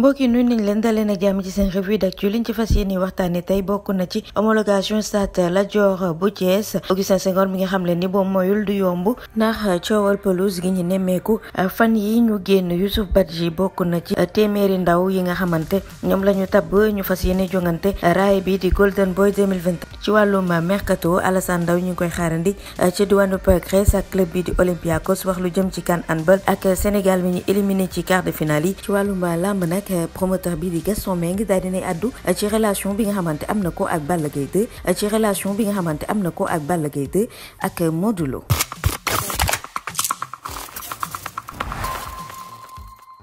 mbokki nuy nañ leen dalee na jàmm ci seen revue d'actu liñ ci fas yéene waxtaane tey bokk na ci homologation stade Lat Dior bu Thiès Augustin Senghor mi nga xam leen ni boo moyul du yomb ndax coowal pelouse gi ñu nemmeeku fan yi ñu génn Youssouf Badji bokk na ci téeméeri ndaw yi nga xamante ñoom la ñu tabb ñu fas yéene jongante raay bi di Golden Boy 2020 ci wàllum mercato Alassane Ndaw ñu ngi koy xaarandi ci diwaanu Grèce ak club bi di Olympiakos wax lu jëm ci CAN handball ak Sénégal mi ñu éliminé ci quart de finale yi ci wàllum lamb nag promoteur bi di meng Mbengue daal dinay addu ci relation bi nga xamante am na ko ak Balla ci relation bi nga xamante am na ko ak Balla ak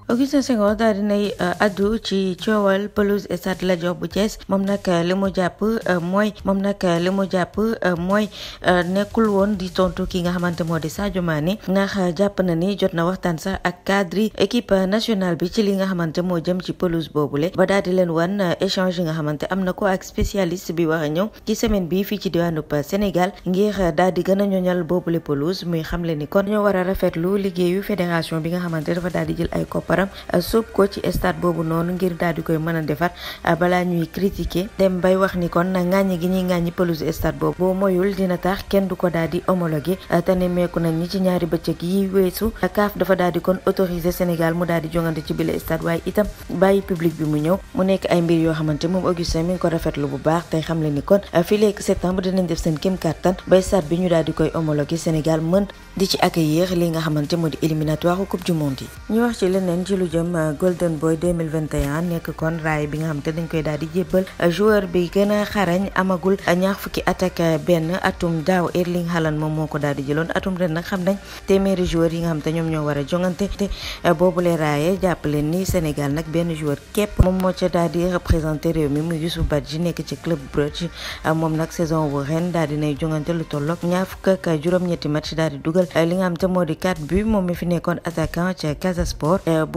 Augustin Senghor daal dinay euh, addu ci coowal pelouse stade Lat bu Thiès moom nag euh, li mu jàpp euh, mooy moom nag li mu jàpp mooy nekkul woon di tontu ki nga xamante moo di Sadio Mané ndax jàpp na ni jot na waxtaan sax ak cadre équipe nationale bi ci li nga xamante moo jëm ci pelouse boobule ba daal di leen wan échange yi nga xamante am na ko ak spécialiste bi war ñëw ci semaine fii ci diwaanu Sénégal ngir daal di gën a ñoñal boobule pelouse muy xamle ni kon ñoo war a rafetlu liggéeyu fédération bi nga xamante dafa daal di jël ay koppar defaram euh, ko ci stade boobu noonu ngir daal di koy mën a defar euh, balaa ñuy critiquer dem bay wax ni kon na ŋàññi gi ñuy ŋàññi pelouse stade boobu boo moyul dina tax kenn du ko daal di homologué euh, te nemmeeku nañ ñi ci ñaari bëccëg yi weesu CAF dafa daal di kon autorisé Sénégal mu daal di jongante ci bile stade waaye itam bàyyi public bi mu ñëw mu nekk ay mbir yoo xamante moom Augustin mi ngi ko lu bu baax tey xam le ni kon fii léegi septembre dinañ def seen kéem kattan bay stade bi ñu daal di koy homologué Sénégal mën di ci accueillir li nga xamante moo di éliminatoire coupe du monde yi ci lu jëm euh, Golden Boy 2021 nekk kon raay bi nga xam te dañ koy daal di jébbal euh, joueur bi gën a xarañ amagul euh, ñaax fukki at ak benn atum daaw Erling Haaland moom moo ko daal di jëloon atum ren nag xam nañ téeméeri joueur yi nga xam te ñoom ñoo war a jongante te boobule raaye jàpp leen ni Sénégal nag benn joueur képp moom moo ca daal di représenté réew mi mu Youssouf ji nekk ci club Bruges moom nag saison bu ren daal di nay jongante lu tolloog ñaar fukk ak juróom-ñetti match daal di dugal li nga xam te moo di moom mi fi nekkoon attaquant ca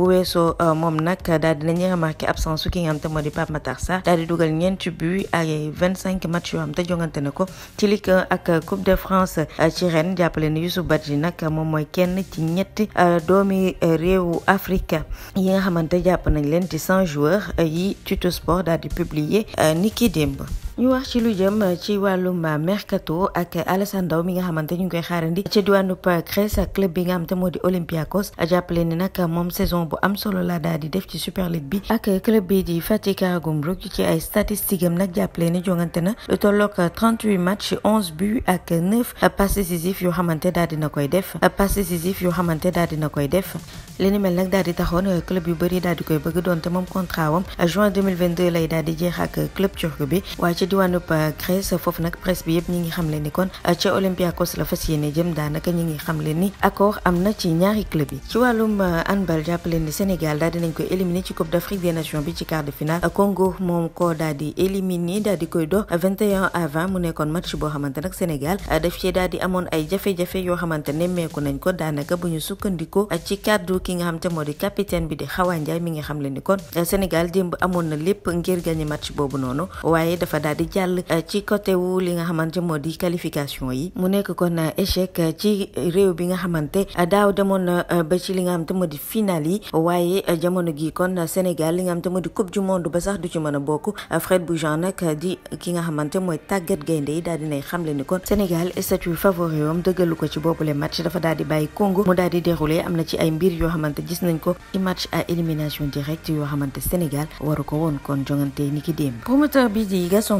bu weesoo euh, moom nag daal dinañuy remarqué absence su ki nga xam moo di Pape Matar Sarr daal di dugal ñeenti but ak vingt cinq match yoo xam jongante na ko ci Ligue 1 ak Coupe de France euh, ci ren jàppale ni Youssouf yi nag moom mooy kenn ci ñetti euh, doomi réewu Afrique yi nga xamante jàpp nañ leen ci cent joueurs yi Tuto Sport daal di publier niki démb ñu wax ci lu jëm ci wàllum mercato ak Alassane mi nga xamante ñu ngi koy xaarandi ci diwaanu Grèce ak club bi nga xam te moo di Olympiakos jàppale ni nag moom saison bu am solo laa daal di def ci Super League bi ak club bi di Fatih Karagümrük ci ay statistiques am nag jàppale ni jongante na lu tolloog 38 matchs 11 ak 9 passes décisives yoo xamante daal dina koy def passes décisives yoo xamante daal dina koy def li ni mel nag daal di taxoon club yu bëri daal di koy bëgg doonte moom contrat wam juin 2022 lay daal di jeex ak club turc bi diwaanub Grèce foofu nag presse bi yëpp ñi ngi xamle ni kon ah, ca Olympiakos la fas yéene jëm daanaka ñi ngi xam xamle ni accord am na ci ñaari club yi ci wàllum ah, handball jàppale ni Sénégal daal dinañ ko éliminer ci Coupe d'Afrique des Nations bi ci quart de finale ah, Congo moom ko daal di éliminer di koy dox 21 à 20 mu nekkoon match boo xamante nag Sénégal daf cee daal di amoon ay jafe-jafe yoo xamante ne meeku nañ ko daanaka bu ñu sukkandikoo ci kaddu ki nga xam te moo di capitaine bi di Xawa Ndiaye mi ngi leen ni kon Sénégal démb amoon na lépp ngir gagner match boobu noonu waaye dafa daal di jàll euh, ci côté wu li nga xamante moo di qualification yi mu nekk kon euh, échec euh, ci réew bi nga xamante daaw demoon na ba ci li nga xamante moo di final yi waaye jamono gi kon Sénégal li nga xamante moo di coupe du ba sax du ci mën a bokk Fred Boujan nag di ki nga xamante mooy tàggat gaynde yi daal xam xamle ni kon Sénégal statut favori am dëggalu ko ci boobule match dafa daal di bàyyi Congo mu daal di déroulé am na ci ay mbir yoo xamante gis nañ ko ci match à élimination directe yoo xamante Sénégal waru ko woon kon jongante ni ki démb promoteur bi di Gaston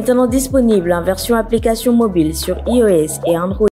maintenant disponible en version application mobile sur iOS et Android.